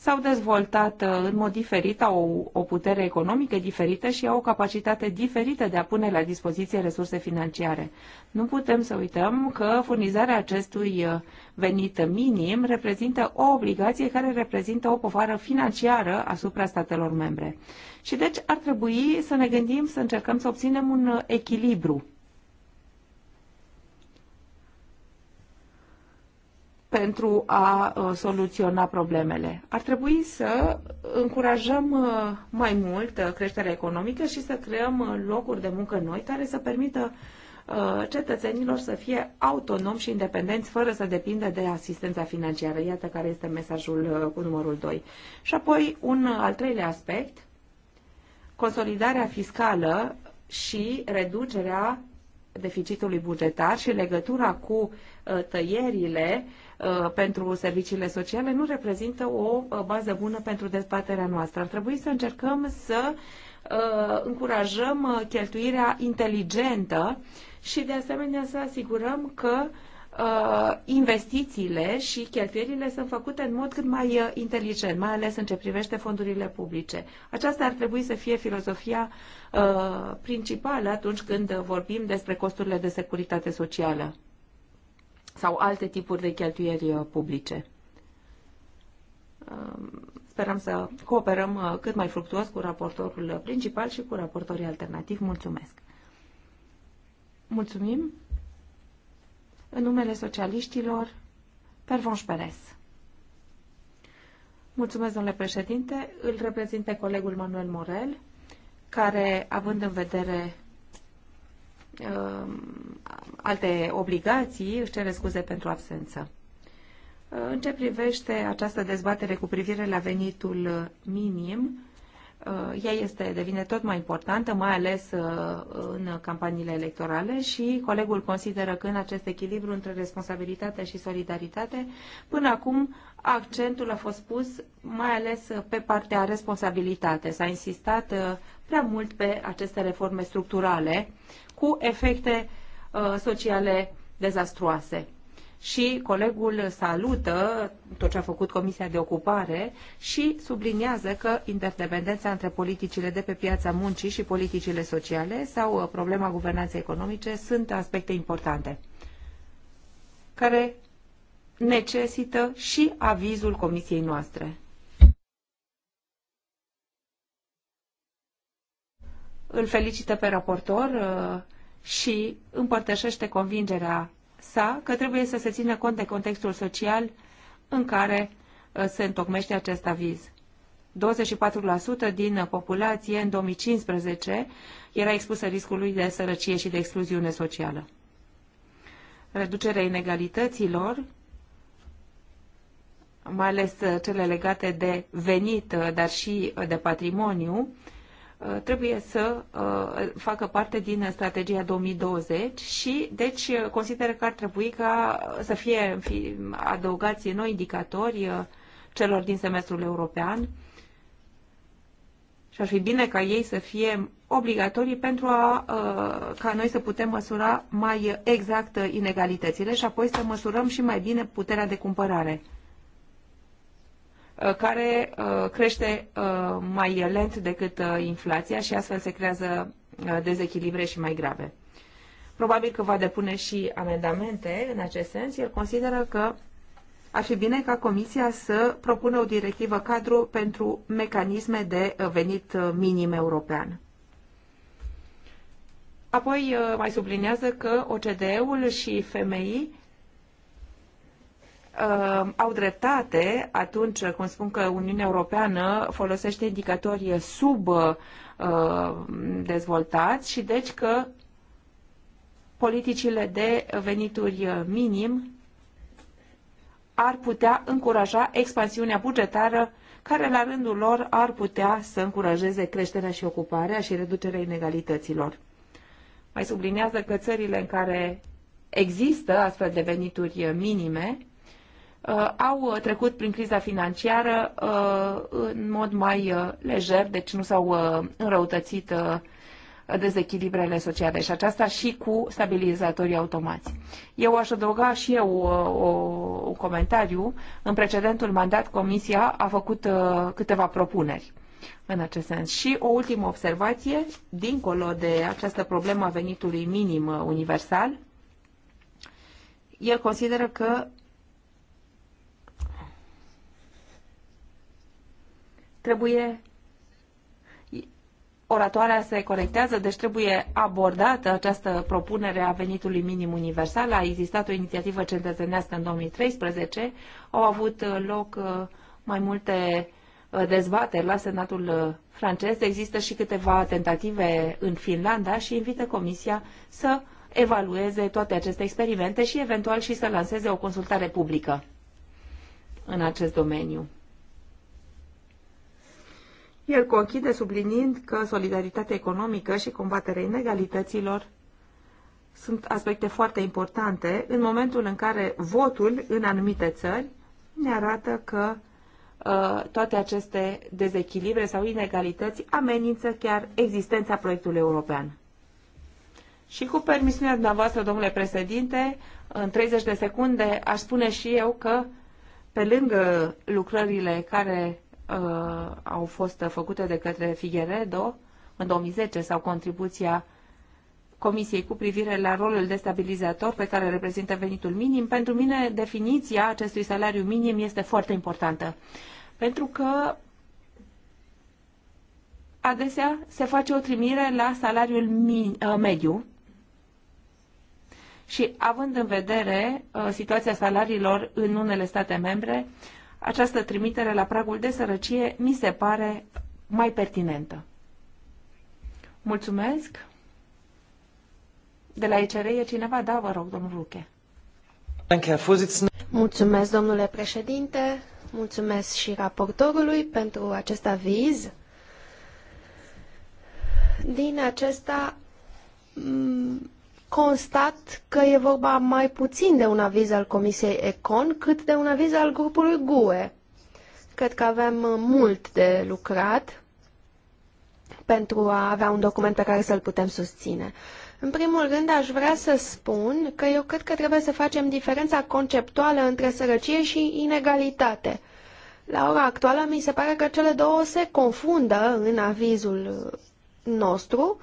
s-au dezvoltat uh, în mod diferit, au o putere economică diferită și au o capacitate diferită de a pune la dispoziție resurse financiare. Nu putem să uităm că furnizarea acestui uh, venit minim reprezintă o obligație care reprezintă o povară financiară asupra statelor membre. Și deci ar trebui să ne gândim să încercăm să obținem un uh, echilibru pentru a uh, soluționa problemele. Ar trebui să încurajăm uh, mai mult uh, creșterea economică și să creăm locuri de muncă noi care să permită cetățenilor să fie autonomi și independenți fără să depindă de asistența financiară. Iată care este mesajul cu numărul 2. Și apoi un al treilea aspect, consolidarea fiscală și reducerea deficitului bugetar și legătura cu uh, tăierile uh, pentru serviciile sociale nu reprezintă o uh, bază bună pentru dezbaterea noastră. Ar trebui să încercăm să încurajăm cheltuirea inteligentă și de asemenea să asigurăm că uh, Uh, investițiile și cheltuielile sunt făcute în mod cât mai uh, inteligent, mai ales în ce privește fondurile publice. Aceasta ar trebui să fie filozofia uh, principală atunci când vorbim despre costurile de securitate socială sau alte tipuri de cheltuieli publice. Um, sperăm să cooperăm cât mai fructuos cu raportorul principal și cu raportorii alternativi. Mulțumesc! Mulțumim! în numele socialiștilor, Pervonș Perez. Mulțumesc, domnule președinte. Îl reprezint pe colegul Manuel Morel, care, având în vedere uh, alte obligații, își cere scuze pentru absență. În ce privește această dezbatere cu privire la venitul minim, Uh, ea este, devine tot mai importantă, mai ales uh, în campaniile electorale și colegul consideră că în acest echilibru între responsabilitate și solidaritate, până acum accentul a fost pus mai ales pe partea responsabilitate. S-a insistat uh, prea mult pe aceste reforme structurale cu efecte sociale dezastruoase și colegul salută tot ce a făcut Comisia de Ocupare și subliniază că interdependența între politicile de pe piața muncii și politicile sociale sau uh, problema guvernanței economice sunt aspecte importante care necesită și avizul Comisiei noastre. Îl felicită pe raportor uh, și împărtășește convingerea sa că trebuie să se țină cont de contextul social în care uh, se întocmește acest aviz. 24% din populație în 2015 era expusă riscului de sărăcie și de excluziune socială. Reducerea inegalităților, mai ales uh, cele legate de venit, uh, dar și de patrimoniu, Uh, trebuie să uh, facă parte din strategia 2020 și deci uh, consider că ar trebui ca să fie adăugați noi indicatori celor din semestrul european și ar fi bine ca ei să fie obligatorii pentru a, ca noi să putem măsura mai exact inegalitățile și apoi să măsurăm și mai bine puterea de cumpărare. Uh, care uh, crește uh, mai lent decât inflația și astfel se creează dezechilibre și mai grave. Probabil că va depune și amendamente în acest sens. El consideră că ar fi bine ca Comisia să propună o directivă cadru pentru mecanisme de venit minim european. Apoi mai sublinează că OCDE-ul și FMI uh, au dreptate atunci uh, când spun că Uniunea Europeană folosește indicatori sub uh, dezvoltați și deci că politicile de venituri minim ar putea încuraja expansiunea bugetară care la rândul lor ar putea să încurajeze creșterea și ocuparea și reducerea inegalităților. Mai sublinează că țările în care există astfel de venituri minime Uh, au trecut prin criza financiară uh, în mod mai uh, lejer, deci nu s-au înrăutățit dezechilibrele sociale și aceasta și cu stabilizatorii automați. Eu aș adăuga și eu un comentariu. În precedentul mandat, Comisia a făcut câteva propuneri în acest sens. Și o ultimă observație, dincolo de această problemă a venitului minim universal, el consideră că Trebuie oratoarea se corectează, deci trebuie abordată această propunere a venitului minim universal. A existat o inițiativă cetățenească în 2013, au avut loc uh, mai multe uh, dezbateri la Senatul uh, francez, există și câteva tentative în Finlanda și invită Comisia să evalueze toate aceste experimente și eventual și să lanseze o consultare publică în acest domeniu. El conchide sublinind că solidaritatea economică și combaterea inegalităților sunt aspecte foarte importante în momentul în care votul în anumite țări ne arată că uh, toate aceste dezechilibre sau inegalități amenință chiar existența proiectului european. Și cu permisiunea dumneavoastră, domnule președinte, în 30 de secunde aș spune și eu că, pe lângă lucrările care uh, au fost făcute de către Figueredo în 2010 sau contribuția Comisiei cu privire la rolul de stabilizator pe care reprezintă venitul minim, pentru mine definiția acestui salariu minim este foarte importantă. Pentru că adesea se face o trimire la salariul min, uh, mediu și având în vedere uh, situația salariilor în unele state membre, uh, această trimitere la pragul de sărăcie mi se pare mai pertinentă. Mulțumesc. De la ECR e cineva? Da, vă rog, domnul Ruche. Mulțumesc, domnule președinte. Mulțumesc și raportorului pentru acest aviz. Din acesta constat că e vorba mai puțin de un aviz al Comisiei Econ cât de un aviz al grupului GUE. Cred că avem mult de lucrat pentru a avea un document pe care să-l putem susține. În primul rând, aș vrea să spun că eu cred că trebuie să facem diferența conceptuală între sărăcie și inegalitate. La ora actuală, mi se pare că cele două se confundă în avizul nostru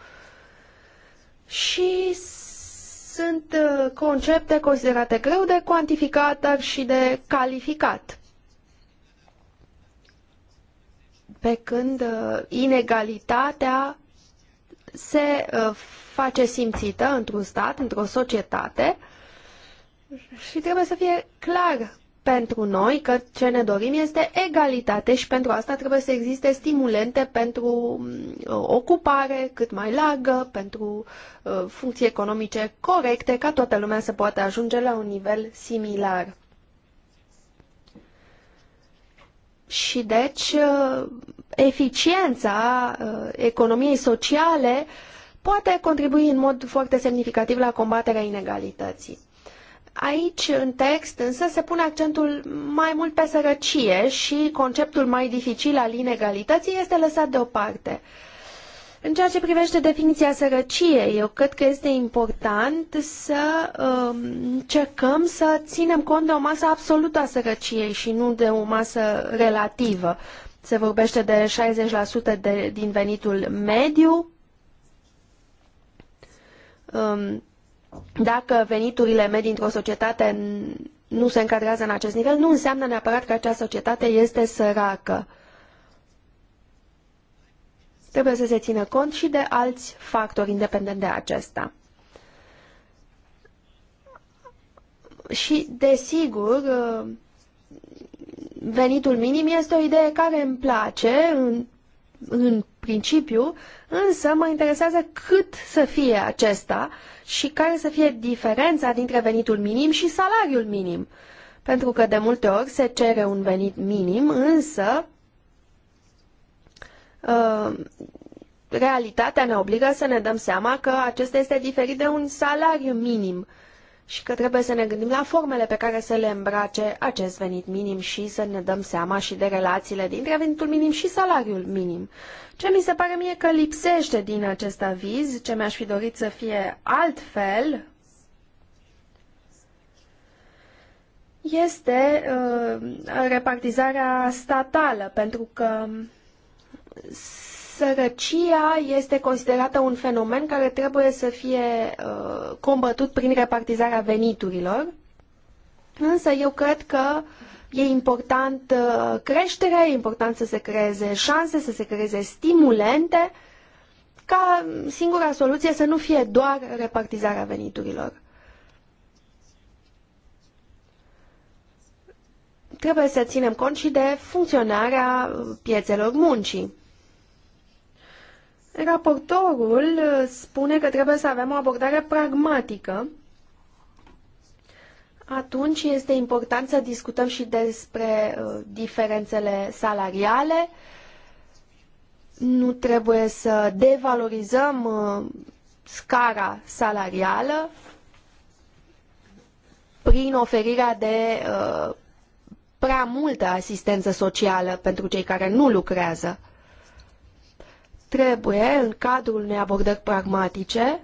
și sunt uh, concepte considerate greu de cuantificat, dar și de calificat. Pe când uh, inegalitatea se uh, face simțită într-un stat, într-o societate și trebuie să fie clar pentru noi că ce ne dorim este egalitate și pentru asta trebuie să existe stimulente pentru uh, ocupare cât mai largă, pentru uh, funcții economice corecte, ca toată lumea să poată ajunge la un nivel similar. Și deci uh, eficiența economiei sociale poate contribui în mod foarte semnificativ la combaterea inegalității. Aici, în text, însă, se pune accentul mai mult pe sărăcie și conceptul mai dificil al inegalității este lăsat deoparte. În ceea ce privește definiția sărăciei, eu cred că este important să um, încercăm să ținem cont de o masă absolută a sărăciei și nu de o masă relativă. Se vorbește de 60% de, din venitul mediu. Um, dacă veniturile medii într-o societate nu se încadrează în acest nivel, nu înseamnă neapărat că acea societate este săracă. Trebuie să se țină cont și de alți factori independent de acesta. Și, desigur, venitul minim este o idee care îmi place în, în principiu, însă mă interesează cât să fie acesta și care să fie diferența dintre venitul minim și salariul minim. Pentru că de multe ori se cere un venit minim, însă uh, realitatea ne obligă să ne dăm seama că acesta este diferit de un salariu minim și că trebuie să ne gândim la formele pe care să le îmbrace acest venit minim și să ne dăm seama și de relațiile dintre venitul minim și salariul minim. Ce mi se pare mie că lipsește din acest aviz, ce mi-aș fi dorit să fie altfel, este uh, repartizarea statală, pentru că Sărăcia este considerată un fenomen care trebuie să fie uh, combătut prin repartizarea veniturilor, însă eu cred că e important uh, creșterea, e important să se creeze șanse, să se creeze stimulente, ca singura soluție să nu fie doar repartizarea veniturilor. Trebuie să ținem cont și de funcționarea piețelor muncii Raportorul uh, spune că trebuie să avem o abordare pragmatică. Atunci este important să discutăm și despre uh, diferențele salariale. Nu trebuie să devalorizăm uh, scara salarială prin oferirea de prea multă asistență socială pentru cei care nu lucrează trebuie, în cadrul unei abordări pragmatice,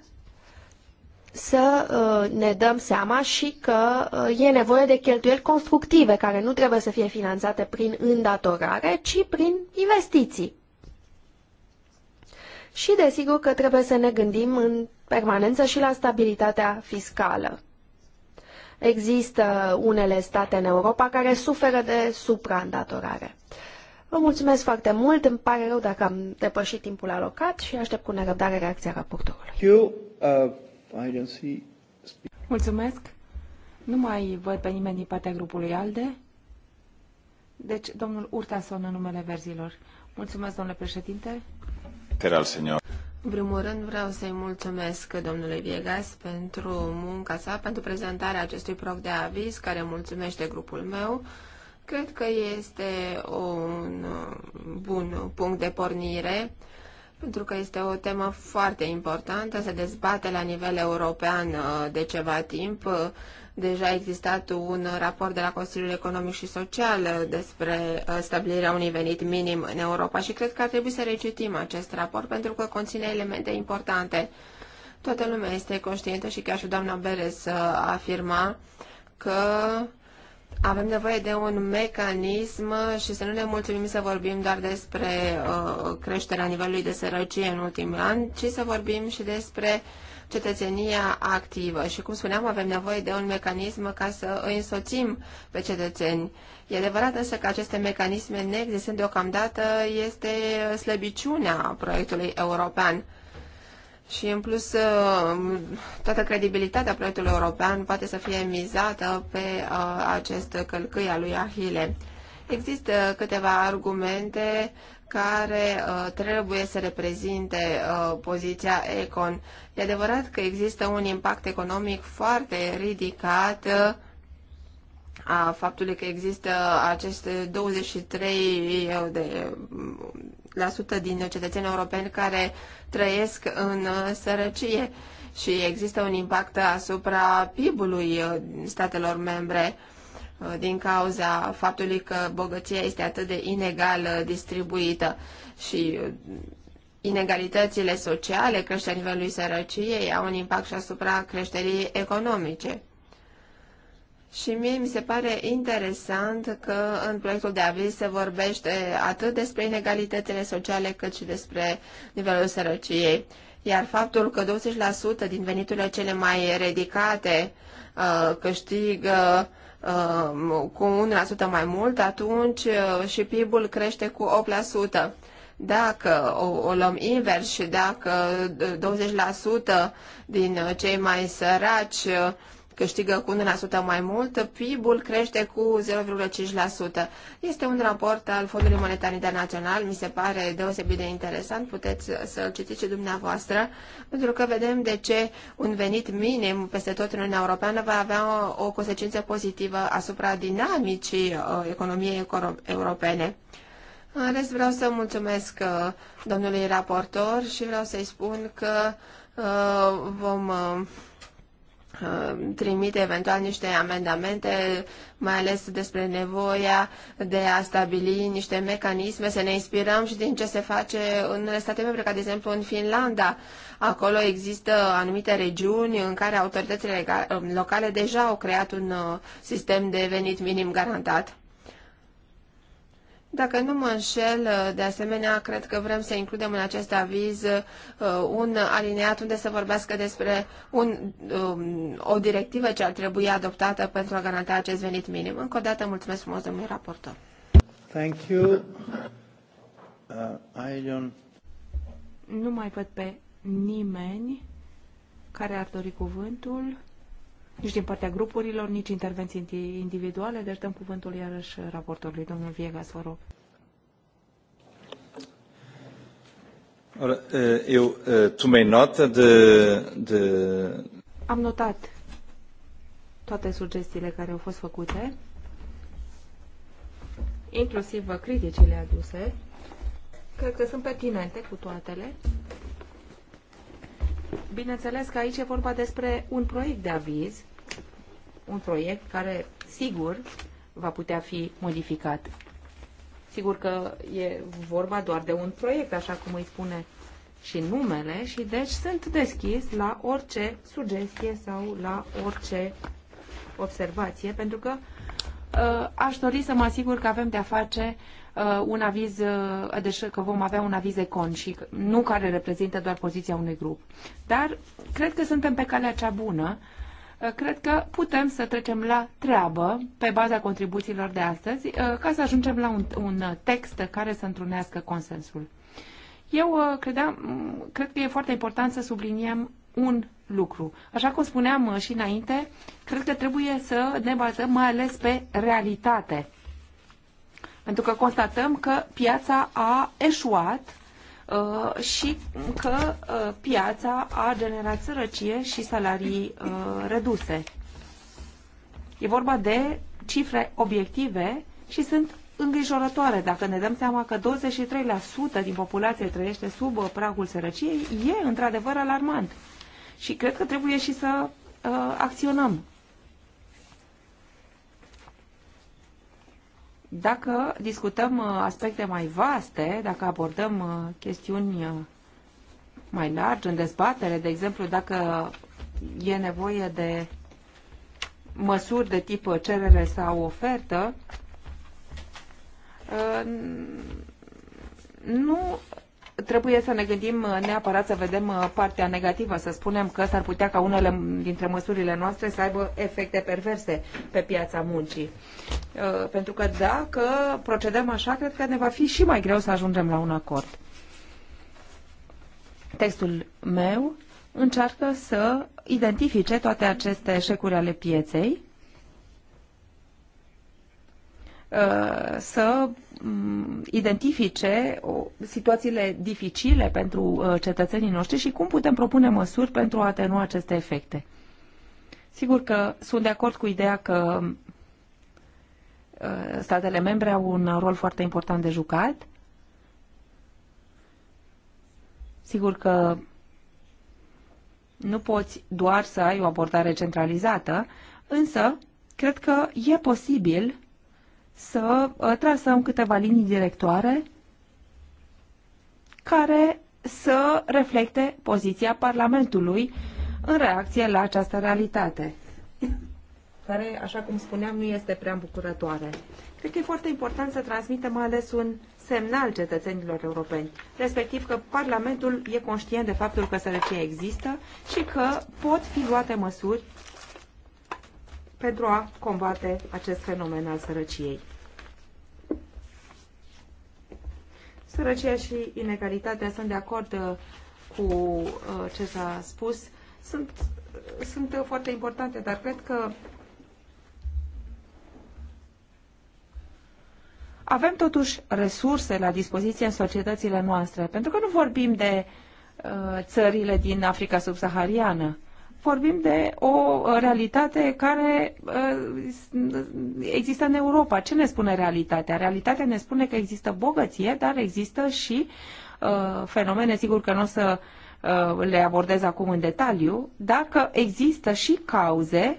să uh, ne dăm seama și că uh, e nevoie de cheltuieli constructive, care nu trebuie să fie finanțate prin îndatorare, ci prin investiții. Și desigur că trebuie să ne gândim în permanență și la stabilitatea fiscală. Există unele state în Europa care suferă de supraîndatorare. Uh, Vă mulțumesc foarte mult, îmi pare rău dacă am depășit timpul alocat și aștept cu nerăbdare reacția raportorului. You, uh, see... Mulțumesc. Nu mai văd pe nimeni din partea grupului ALDE. Deci, domnul Urtason în numele verzilor. Mulțumesc, domnule președinte. Teral, senior. În primul rând vreau să-i mulțumesc domnului Viegas pentru munca sa, pentru prezentarea acestui proiect de aviz care mulțumește grupul meu. Cred că este un uh, bun punct de pornire, pentru că este o temă foarte importantă, se dezbate la nivel european uh, de ceva timp. Deja a existat un raport de la Consiliul Economic și Social despre uh, stabilirea unui venit minim în Europa și cred că ar trebui să recitim acest raport pentru că conține elemente importante. Toată lumea este conștientă și chiar și doamna Beres afirma că avem nevoie de un mecanism și să nu ne mulțumim să vorbim doar despre uh, creșterea nivelului de sărăcie în ultimii ani, ci să vorbim și despre cetățenia activă. Și cum spuneam, avem nevoie de un mecanism ca să îi însoțim pe cetățeni. E adevărat însă că aceste mecanisme neexistând deocamdată este slăbiciunea proiectului european și în plus, uh, toată credibilitatea proiectului european poate să fie mizată pe uh, acest călcâi al lui Ahile. Există câteva argumente care uh, trebuie să reprezinte uh, poziția Econ. E adevărat că există un impact economic foarte ridicat uh, a faptului că există aceste 23 de din cetățenii europeni care trăiesc în uh, sărăcie și există un impact asupra PIB-ului uh, statelor membre uh, din cauza faptului că bogăția este atât de inegal distribuită și inegalitățile sociale, creșterea nivelului sărăciei, au un impact și asupra creșterii economice. Și mie mi se pare interesant că în proiectul de aviz se vorbește atât despre inegalitățile sociale cât și despre nivelul sărăciei. Iar faptul că 20% din veniturile cele mai ridicate uh, câștigă uh, cu 1% mai mult, atunci uh, și PIB-ul crește cu 8%. Dacă o, o luăm invers și dacă 20% uh, din uh, cei mai săraci uh, câștigă cu 1% mai mult, PIB-ul crește cu 0,5%. Este un raport al Fondului Monetar Internațional, mi se pare deosebit de interesant, puteți să-l citiți și dumneavoastră, pentru că vedem de ce un venit minim peste tot în Uniunea Europeană va avea o, o consecință pozitivă asupra dinamicii uh, economiei europene. În rest vreau să mulțumesc uh, domnului raportor și vreau să-i spun că uh, vom Uh, trimite eventual niște amendamente, mai ales despre nevoia de a stabili niște mecanisme, să ne inspirăm și din ce se face în state membre, ca de exemplu în Finlanda. Acolo există anumite regiuni în care autoritățile locale deja au creat un uh, sistem de venit minim garantat. Dacă nu mă înșel, de asemenea, cred că vrem să includem în acest aviz uh, un alineat unde să vorbească despre un, um, o directivă ce ar trebui adoptată pentru a garanta acest venit minim. Încă o dată, mulțumesc frumos, domnului raportor. Thank you. Uh, I don't... Nu mai văd pe nimeni care ar dori cuvântul nici din partea grupurilor, nici intervenții individuale, deci dăm cuvântul iarăși raportorului. Domnul Viegas, vă rog. Eh, eu, eu eh, mai notă de, de... Am notat toate sugestiile care au fost făcute, inclusiv criticile aduse. Cred că sunt pertinente cu toatele. Bineînțeles că aici e vorba despre un proiect de aviz un proiect care, sigur, va putea fi modificat. Sigur că e vorba doar de un proiect, așa cum îi spune și numele, și deci sunt deschis la orice sugestie sau la orice observație, pentru că uh, aș dori să mă asigur că avem de-a face uh, un aviz, uh, deci că vom avea un aviz econ și nu care reprezintă doar poziția unui grup. Dar cred că suntem pe calea cea bună. Uh, Uh, cred că putem să trecem la treabă pe baza contribuțiilor de astăzi uh, ca să ajungem la un, un uh, text care să întrunească consensul. Eu credeam, mm, cred că e foarte important să subliniem un lucru. Așa cum spuneam și înainte, cred că trebuie să ne bazăm mai ales pe realitate. Pentru că constatăm că piața a eșuat Uh, și că uh, piața a generat sărăcie și salarii uh, reduse. E vorba de cifre obiective și sunt îngrijorătoare. Dacă ne dăm seama că 23% din populație trăiește sub pragul sărăciei, e într-adevăr alarmant. Și cred că trebuie și să uh, acționăm. Dacă discutăm uh, aspecte mai vaste, dacă abordăm uh, chestiuni uh, mai largi în dezbatere, de exemplu, dacă e nevoie de măsuri de tip cerere sau ofertă, nu trebuie să ne gândim uh, neapărat să vedem uh, partea negativă, să spunem că s-ar putea ca unele dintre măsurile noastre să aibă efecte perverse pe piața muncii. Uh, pentru că dacă procedăm așa, cred că ne va fi și mai greu să ajungem la un acord. Textul meu încearcă să identifice toate aceste eșecuri ale pieței, să Mm, identifice situațiile dificile pentru uh, cetățenii noștri și cum putem propune măsuri pentru a atenua aceste efecte. Sigur că sunt de acord cu ideea că uh, statele membre au un rol foarte important de jucat. Sigur că nu poți doar să ai o abordare centralizată, însă cred că e posibil să ă, trasăm câteva linii directoare care să reflecte poziția Parlamentului în reacție la această realitate, care, așa cum spuneam, nu este prea îmbucurătoare. Cred că e foarte important să transmitem mai ales un semnal cetățenilor europeni, respectiv că Parlamentul e conștient de faptul că sărăcia există și că pot fi luate măsuri pentru a combate acest fenomen al sărăciei. Sărăcia și inegalitatea sunt de acord uh, cu uh, ce s-a spus. Sunt, sunt uh, foarte importante, dar cred că avem totuși resurse la dispoziție în societățile noastre, pentru că nu vorbim de țările din Africa subsahariană vorbim de o realitate care uh, există în Europa. Ce ne spune realitatea? Realitatea ne spune că există bogăție, dar există și uh, fenomene, sigur că nu o să uh, le abordez acum în detaliu, Dacă există și cauze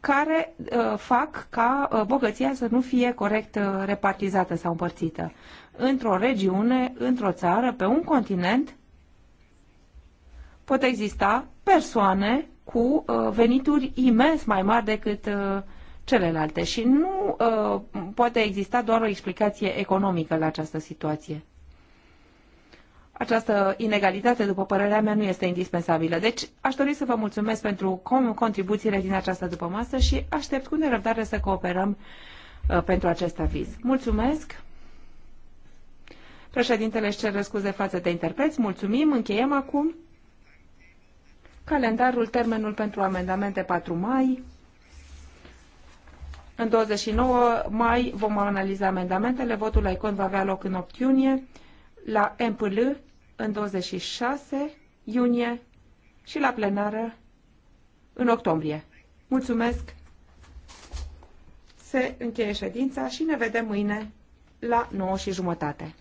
care fac ca bogăția să nu fie corect repartizată sau împărțită. Într-o regiune, într-o țară, pe un continent, pot exista persoane cu uh, venituri imens mai mari decât uh, celelalte și nu uh, poate exista doar o explicație economică la această situație. Această inegalitate, după părerea mea, nu este indispensabilă. Deci, aș dori să vă mulțumesc pentru contribuțiile din această dupămasă și aștept cu nerăbdare să cooperăm pentru acest aviz. Mulțumesc! Președintele își cer scuze față de interpreți. Mulțumim, încheiem acum. Calendarul, termenul pentru amendamente 4 mai. În 29 mai vom analiza amendamentele. Votul la ICON va avea loc în 8 iunie, la MPL în 26 iunie și la plenară în octombrie. Mulțumesc! Se încheie ședința și ne vedem mâine la 9 și jumătate.